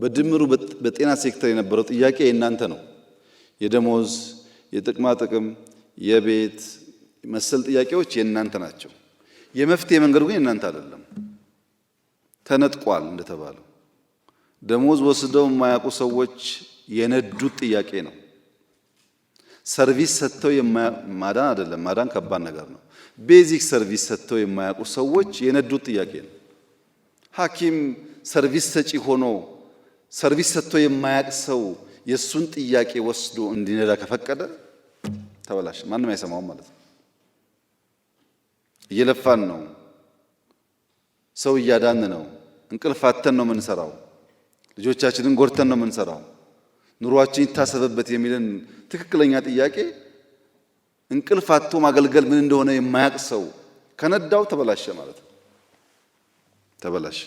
በድምሩ በጤና ሴክተር የነበረው ጥያቄ የእናንተ ነው። የደሞዝ፣ የጥቅማ ጥቅም፣ የቤት መሰል ጥያቄዎች የእናንተ ናቸው። የመፍትሄ መንገዱ ግን የእናንተ አይደለም፣ ተነጥቋል። እንደተባለው ደሞዝ ወስደው የማያውቁ ሰዎች የነዱት ጥያቄ ነው። ሰርቪስ ሰጥተው ማዳን አይደለም፣ ማዳን ከባድ ነገር ነው። ቤዚክ ሰርቪስ ሰጥተው የማያውቁ ሰዎች የነዱት ጥያቄ ነው። ሐኪም ሰርቪስ ሰጪ ሆኖ ሰርቪስ ሰጥቶ የማያቅ ሰው የእሱን ጥያቄ ወስዶ እንዲነዳ ከፈቀደ ተበላሽ፣ ማንም አይሰማውም ማለት ነው። እየለፋን ነው፣ ሰው እያዳን ነው፣ እንቅልፍ አተን ነው የምንሰራው፣ ልጆቻችንን ጎድተን ነው የምንሰራው፣ ኑሯችን ይታሰብበት የሚልን ትክክለኛ ጥያቄ እንቅልፍ አቶ ማገልገል ምን እንደሆነ የማያቅ ሰው ከነዳው ተበላሸ ማለት ነው። ተበላሸ።